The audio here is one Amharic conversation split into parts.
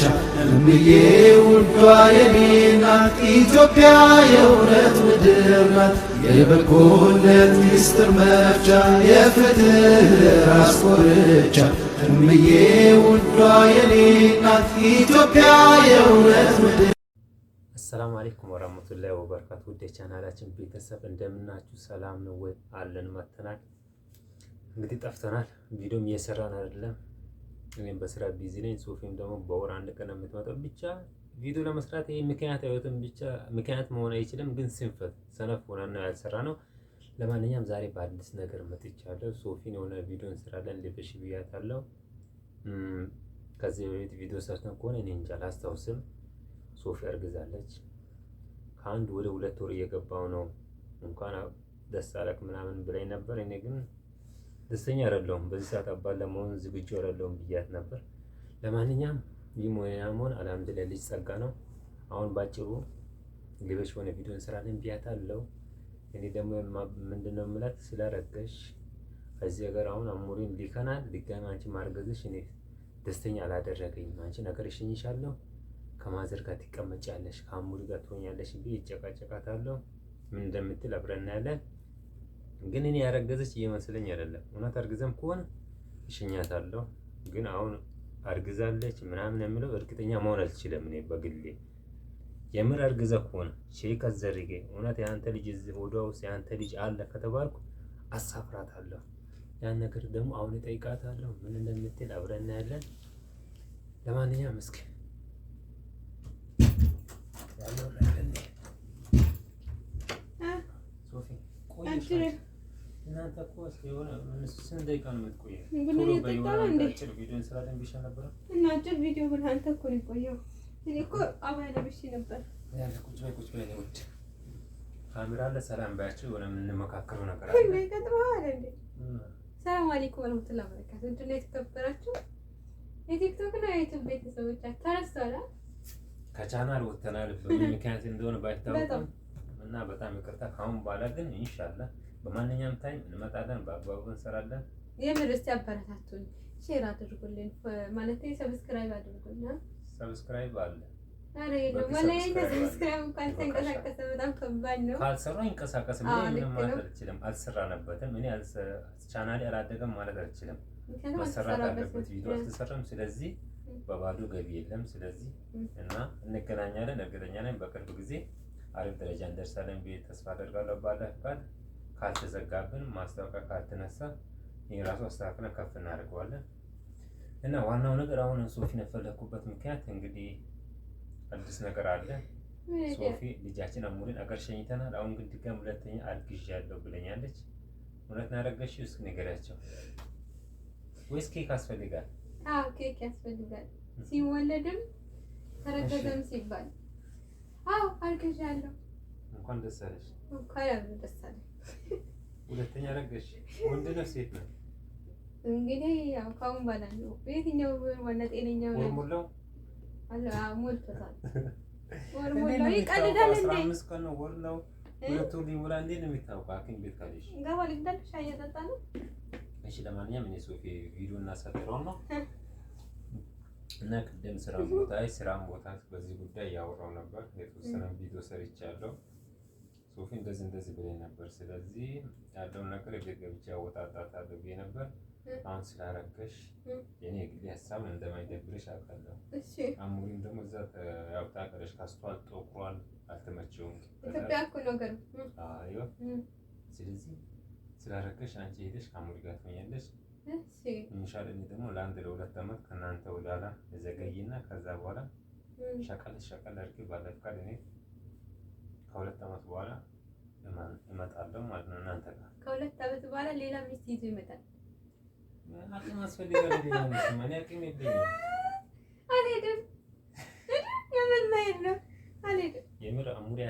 ዳርቻ እምዬ ውዷ የኔ ናት ኢትዮጵያ የእውነት ምድር ናት የበጎነት ሚስጥር መፍቻ የፍትህ አስቆርቻ እምዬ ውዷ የኔ ናት ኢትዮጵያ የእውነት ምድር። አሰላሙ አለይኩም ወራህመቱላሂ ወበረካቱ። ውድ የቻናላችን ቤተሰብ እንደምናችሁ ሰላም ነው ወይ? አለን መተናል። እንግዲህ ጠፍተናል፣ ቪዲዮም እየሰራን አይደለም እኔም በስራ ቢዚ ነኝ። ሶፊም ደግሞ በወር አንድ ቀን የምትመጣው ብቻ ቪዲዮ ለመስራት ይሄ ምክንያት አይወትም ብቻ ምክንያት መሆን አይችልም። ግን ስንፈት ሰነፍ ሆነን ነው ያልሰራ ነው። ለማንኛውም ዛሬ በአዲስ ነገር መጥቻለሁ። ሶፊን የሆነ ቪዲዮ እንስራለን ልበሽ ብያታለሁ። ከዚህ በፊት ቪዲዮ ሰርተን ከሆነ እኔ እንጃ አላስታውስም። ሶፊ አርግዛለች። ከአንድ ወደ ሁለት ወር እየገባው ነው። እንኳን ደስ አለክ ምናምን ብላኝ ነበር። እኔ ግን ደስተኛ አይደለሁም። በዚህ ሰዓት አባት ለመሆን ዝግጁ አይደለሁም ብያት ነበር። ለማንኛውም ይህ ሙያ መሆን አልሐምዱሊላህ ልጅ ጸጋ ነው። አሁን ባጭሩ ሌሎች ሆነ ቪዲዮ እንሰራለን ብያት አለው። እኔ ደግሞ ምንድነው የምላት ስለረገሽ እዚህ ሀገር አሁን አሙሪን ሊከናል ድጋሚ አንቺ ማርገዝሽ እኔ ደስተኛ አላደረገኝም። አንቺ ነገር እሸኝሻለሁ፣ ከማዘር ጋር ትቀመጫለሽ፣ ከአሙሪ ጋር ትሆኛለሽ ብዬ ይጨቃጨቃታለሁ። ምን እንደምትል አብረን እናያለን። ግን እኔ ያረገዘች እየመሰለኝ አይደለም። እውነት አርግዘም ከሆነ እሸኛታለሁ። ግን አሁን አርግዛለች ምናምን የምለው እርግጠኛ መሆን አልችልም። እኔ በግሌ የምር አርግዘ ከሆነ ሼክ አዘርጌ እውነት የአንተ ልጅ እዚህ ሆዷ ውስጥ የአንተ ልጅ አለ ከተባልኩ አሳፍራታለሁ። ያን ነገር ደግሞ አሁን እጠይቃታለሁ። ምን እንደምትል አብረን እናያለን። ለማንኛውም እስኪ ያለው እናንተ እኮ እስኪ የሆነ ስንት ደቂቃ ነው የምትቆየው? ቡና እየጠጣን እንደ አጭር እና አጭር ቪዲዮ ብለህ አንተ እኮ ነው የቆየው። እኔ እኮ አባይ ለብሼ ነበር። ቁጭ በይ ቁጭ በይ፣ እኔ ውድ ካሜራ አለ። ሰላም ባያቸው የሆነ የምንመካከረው ነገር አለ። ይገጥመሃል እንዴ? ሰላም አለይኩም ወረህመቱላሂ ወበረካቱህ። እንድና የተከበራችሁ የቲክቶክ እና የዩቲዩብ ቤተሰቦች ተረስተዋል። ከቻናል ወጥተናል። ምክንያት እንደሆነ ባይታወቅም እና በጣም ይቅርታ። ከአሁን በኋላ ግን ኢንሻላህ በማንኛውም ታይም እንመጣለን፣ በአግባቡ እንሰራለን። የምር እስቲ አበረታቱኝ፣ ሼር አድርጉልኝ፣ ማለት ሰብስክራይብ አድርጉና ሰብስክራይብ አለ ካልሰራ ይንቀሳቀስም ማለት አልችልም። አልሰራንበትም እኔ ቻናሌ አላደገም ማለት አልችልም። መሰራት አለበት ቪዲዮ አልተሰራም። ስለዚህ በባዶ ገቢ የለም። ስለዚህ እና እንገናኛለን። እርግጠኛ ነኝ በቅርብ ጊዜ አሪፍ ደረጃ እንደርሳለን ብዬ ተስፋ አደርጋለሁ። ባለ ፍቃድ ካልተዘጋብን ማስታወቂያ ካልተነሳ የራሱ አስተካክለ ከፍ እናደርገዋለን። እና ዋናው ነገር አሁን ሶፊ የፈለኩበት ምክንያት እንግዲህ አዲስ ነገር አለ። ሶፊ ልጃችን አሙሪን አገር ሸኝተናል። አሁን ግን ድጋም ሁለተኛ አርግዣለሁ ብለኛለች። እውነት ናደረገሽ? እስኪ ንገሪያቸው። ወይስ ኬክ አስፈልጋል? አዎ ኬክ ያስፈልጋል። ሲወለድም ተረገዘም ሲባል አዎ አርግዣለሁ። እንኳን ደስ አለሽ። እንኳን ደስ አለሽ። ሁለተኛ ረገሽ ወንድ ነው ሴት ነው? እንግዲህ ያው ካሁን በኋላ ነው የትኛው ዋና ጤነኛ ነው። ወርሙላው አላ ሞልቶታል። ወር ነው ሁለቱ ሊሞላ እንዴ ነው የሚታወቀው። ሐኪም ቤት ካልሽ ጋባ ልግዳል ሻይ እየጠጣ ነው። እሺ ለማንኛውም እኔ ሶፊ ቪዲዮ እናሳጥረው ነው እና ቅድም ስራ ቦታ ስራም ቦታ በዚህ ጉዳይ ያወራው ነበር የተወሰነ ቪዲዮ ሰርቻለሁ። ጽሁፍ እንደዚህ እንደዚህ ብለኝ ነበር። ስለዚህ ያለውን ነገር እቤት ገብቼ አወጣጣታለሁ ብዬ ነበር። አሁን ስላረከሽ የኔ የግሌ ሀሳብ እንደማይደብርሽ አውቃለሁ። አሙሪም ደግሞ እዛ ያውጣ ቀረሽ ካስተዋል ጠቁሯል፣ አልተመቸውም። ኢትዮጵያ እኮ ነገር አዎ። ስለዚህ ስላረከሽ አንቺ ሄደሽ ከአሙሪ ጋር ትሆኛለሽ። እንሻል እኔ ደግሞ ለአንድ ለሁለት ዓመት ከእናንተ ወዳላ ዘገይና ከዛ በኋላ ሸቀል ሸቀል አድርጌ ባለፍቃድ እኔ ከሁለት ዓመት በኋላ እመጣለሁ ማለት ነው እናንተ ጋር። ከሁለት ዓመት በኋላ ሌላ ሚስት ይዞ ይመጣል። አቅም አስፈልጋል። ሌላ ሚስት ማን አቅም የለኝም። አልሄድም። የምን መሄድ ነው? አልሄድም። የምር አሙሪ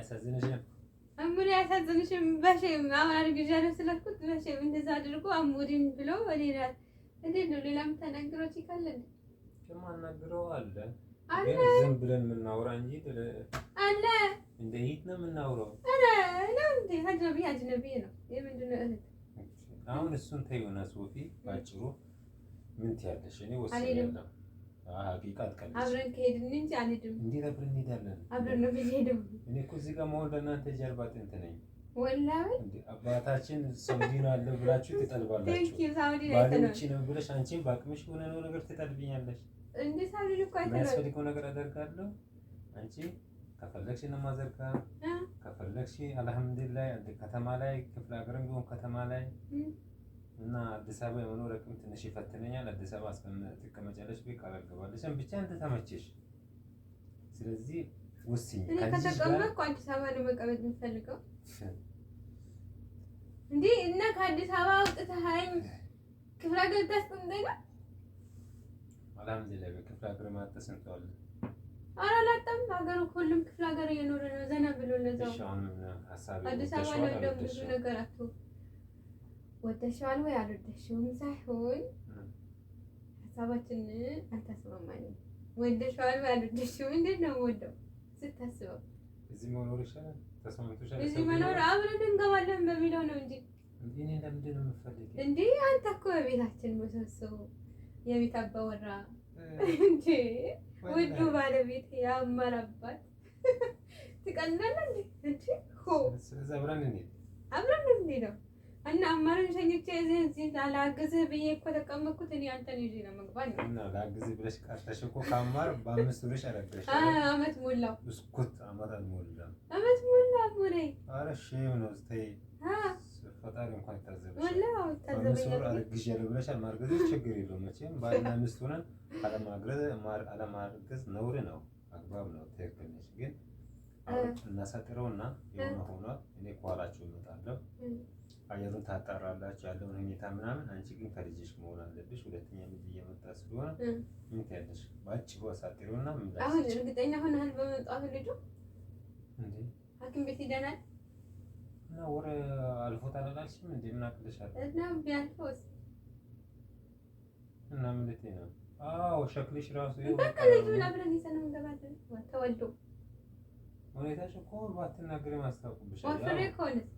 አሙሪ በሼም አሁን አድርግዣለሁ በሼም እንደዛ አድርጎ አሙሪም ብሎ ሌላ እንዴት ነው ማናግረው አለ ዝም ብለን የምናወራ እንጂ አለ እንደ እህት ነው የምናውረው። ኧረ ነው አጅነቢ አጅነቢ ነው። የምንድን ነው እህት? አሁን እሱን ተይውና ሶፊ፣ ባጭሩ ምን ትያለሽ? እኔ ወስኛለሁ። ሀቂቃ አብረን ከሄድን እንጂ አልሄድም። እንዴት አብረን እንሄዳለን? አብረን ነው የምንሄደው። እኔ እኮ እዚህ ጋር መሆን ለእናንተ ጀርባ አጥንት ነኝ። ወላሂ አባታችን ሳውዲ ነው አለ ብላችሁ ትጠልባላችሁ። ነው ብለሽ አንቺ በአቅምሽ ሆነ ነው ነገር ትጠልብኛለሽ። እንዴ ሳውዲ እኮ አይተናል። ነገር አደርጋለሁ አንቺ ከፈለግሽ ለማዘርጋ ከፈለግሽ አልሐምዱሊላህ ከተማ ላይ ክፍለ ሀገርም ቢሆን ከተማ ላይ እና አዲስ አበባ የመኖር አቅም ትንሽ ይፈትነኛል። አዲስ አበባ ትቀመጫለሽ፣ ቤት ቃል አልገባለሽ፣ ብቻ እንደተመቸሽ። ስለዚህ ወስኝ ከተቀመጥኩ አዲስ አበባ ነው የምፈልገው እንዴ እና ከአዲስ አበባ አውጥተኸኝ ክፍለ ሀገር ታስቀምጠኝ። አልሐምዱሊላህ በክፍለ ሀገር ማጠስ እንተዋለን አላላጠም ሀገሩ ሁሉም ክፍለ ሀገር እየኖረ ነው። ዘና ብሎ ለዛው አዲስ አበባ ላይ እንደው ብዙ ነገር አቶ ወደሽዋል ወይ አልወደሽውም ሳይሆን ሀሳባችን አልተስማማንም። ወደሽዋል ወይ አልወደሽውም እንዴት ነው ወደው ስታስበው እዚህ መኖር ይሻላል ተስማምቶሻል፣ እዚህ መኖር አብረን እንገባለን በሚለው ነው እንጂ እንዴ አንተ እኮ በቤታችን ምሰሶ የቤት አባወራ እንዴ ውዱ ባለቤት ያማል አባት ትቀናለህ እንዴ? አብረን እንሂድ ነው እና አማራን ሸኝቼ እዚህ ላግዝህ ብዬ እኮ ተቀመጥኩት። እኔ አንተን ይዤ ነው መግባት እና ላግዝህ ብለሽ ቀርተሽ እኮ ከአማር በአምስት ብለሽ አመት ሞላው ብስኩት አመት አልሞላም። አመት ሞላ ሞላ። ሼም ነው ፈጣሪ እንኳን ይታዘበሻል። አርግዣለሁ ብለሻል። ማርገዝ ችግር የለውም መቼም ባልና ሚስት ሆነን አለማርገዝ ነውር ነው፣ አግባብ ነው፣ ትክክል ነች። ግን እናሳጥረውና የሆነ ሆኗል። እኔ ከኋላችሁ እመጣለሁ፣ አየሩን ታጣራላችሁ ያለውን ሁኔታ ምናምን። አንቺ ግን ከልጅሽ መሆን አለብሽ። ሁለተኛ ልጅ እየመጣ ስለሆነ ምን ትያለሽ? በአጭሩ አሳጥሪውና ምን አሁን እርግጠኛ ሆነሃል? በመምጣቱ ልጁ ሐኪም ቤት ሄደናል እና ወር አልፎታል አላልሽም እንዴ? ምን አቅልሻል? እና ቢያልፎስ እና ምን ልትይ ነው? አዎ ሸክልሽ ራሱ በቃ ልጁ ለብረን ይዘን እንገባለን። ተወልዶ ሁኔታሽ እኮ ባትናገሪ ማስታወቅብሻል። ወፍሬ ከሆነስ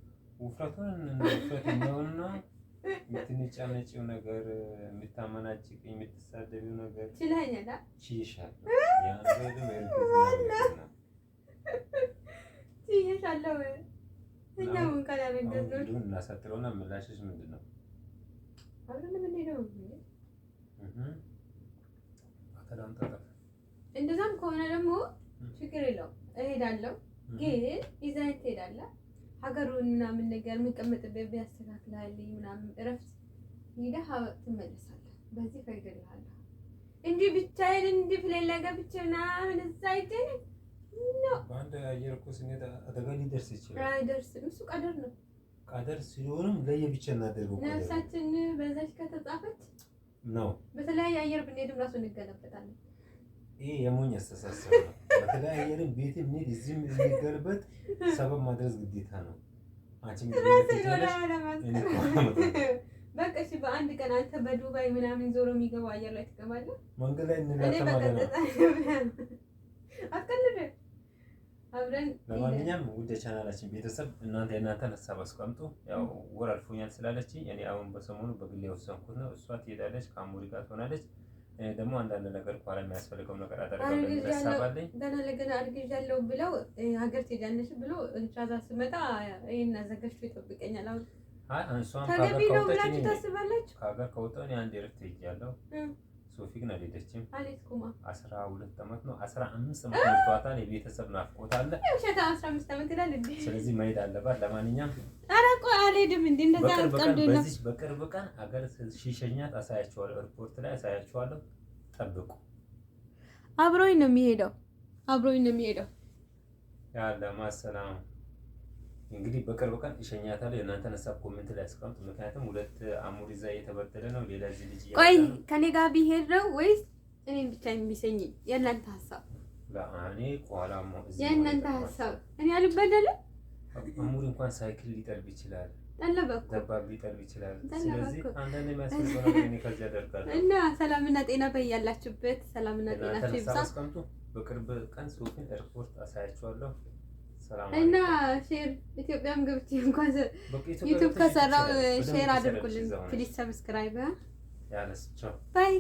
ውፍረቱን ውፍረት እንደሆነና ነገር የምታመናጭቅ የምትሳደቢው ነገር ችለኛል ችይሻል ችይሻለሁ እኛ ምን ካላረገዝነው እናሳጥረውና ምላሽሽ ምንድን ነው? እንደዛም ከሆነ ደግሞ ችግር የለውም እሄዳለሁ። ግን ይዘኸኝ ትሄዳለህ። ሀገሩን ምናምን ነገር የምቀመጥበት ቢያስተካክልልኝ ምናምን እረፍት ሄደህ ትመለሳለህ። በዚህ ፈቅድልሃለሁ እንጂ ብቻዬን እንዲህ ፕሌን ላይ ገብቼ ምናምን እዛ አይደለም በአንድ አየር እኮ ስንሄድ አደጋ ሊደርስ ይችላል። አይደርስም። እሱ ቀደር ነው። ቀደር ሲሆንም ለየብቻ እናደርገው። ነፍሳችን በዛች ከተጻፈች ነው። በተለያየ አየር ብንሄድም ራሱ እንገለበጣለን። ይሄ የሞኝ አስተሳሰብ ነው። በተለያየ አየርም ቤት ምን እዚህም የሚገለበት ሰበብ ማድረስ ግዴታ ነው። አንቺም በቃ በአንድ ቀን አንተ በዱባይ ምናምን ዞሮ የሚገባው አየር ላይ ትገባለህ። መንገድ ላይ እንላተማለ ነው አስቀልደ ለማንኛውም ውድ የቻናላችን ቤተሰብ እናንተ የእናንተን ሀሳብ አስቀምጡ። ያው ወር አልፎኛል ስላለች እኔ አሁን በሰሞኑ በግሌ የወሰንኩት ነው። እሷ ትሄዳለች፣ ከአሞሪ ጋር ትሆናለች። ደግሞ አንዳንድ ነገር ኋላ የሚያስፈልገው ነገር አደርጋለሁ ሀሳብ አለኝ። ገና ለገና አርግዣለሁ ብለው ሀገር ትሄጃለሽ ብሎ ቻዛ ስመጣ ይህን አዘጋጅቶ ይጠብቀኛል። አሁን እሷም ከሀገር ከወጣች ከሀገር ከወጣሁ እኔ አንድ ረፍት ሄጃለሁ ሶፊክ ነው ሄደችም አስራ ሁለት ዓመት ነው አስራ አምስት ዓመት ልጅቷታል። የቤተሰብ ናፍቆት አለ። ስለዚህ መሄድ አለባት። ለማንኛውም በቅርብ ቀን አገር ሲሸኛት አሳያችኋለሁ፣ ኤርፖርት ላይ አሳያችኋለሁ። ጠብቁ። አብሮኝ ነው የሚሄደው፣ አብሮኝ ነው የሚሄደው። ያለ ማሰላም እንግዲህ በቅርብ ቀን ይሸኛታል። የእናንተ ነሳብ ኮሜንት ላይ አስቀምጡ። ምክንያቱም ሁለት አሙር ይዛ እየተበደለ ነው። ሌላ እዚህ ልጅ ቆይ ከኔ ጋር ቢሄድ ነው ወይስ እኔ ብቻ የሚሰኝ? የእናንተ ሀሳብ ለእኔ ከኋላ የእናንተ ሀሳብ እኔ አልበደለም። አሙሪ እንኳን ሳይክል ሊጠልብ ይችላል፣ ደባብ ሊጠልብ ይችላል። ስለዚህ አንዳንድ የሚያስፈልገው ከዚህ ያደርጋል እና ሰላምና ጤና በያላችሁበት ሰላምና ጤና ይብዛ። በቅርብ ቀን ሶፊን ኤርፖርት አሳያችኋለሁ። እና ሼር ኢትዮጵያም ገብቼ እንኳን ዩቲዩብ ከሰራው ሼር አድርጉልን ሰብስክራይብ ባይ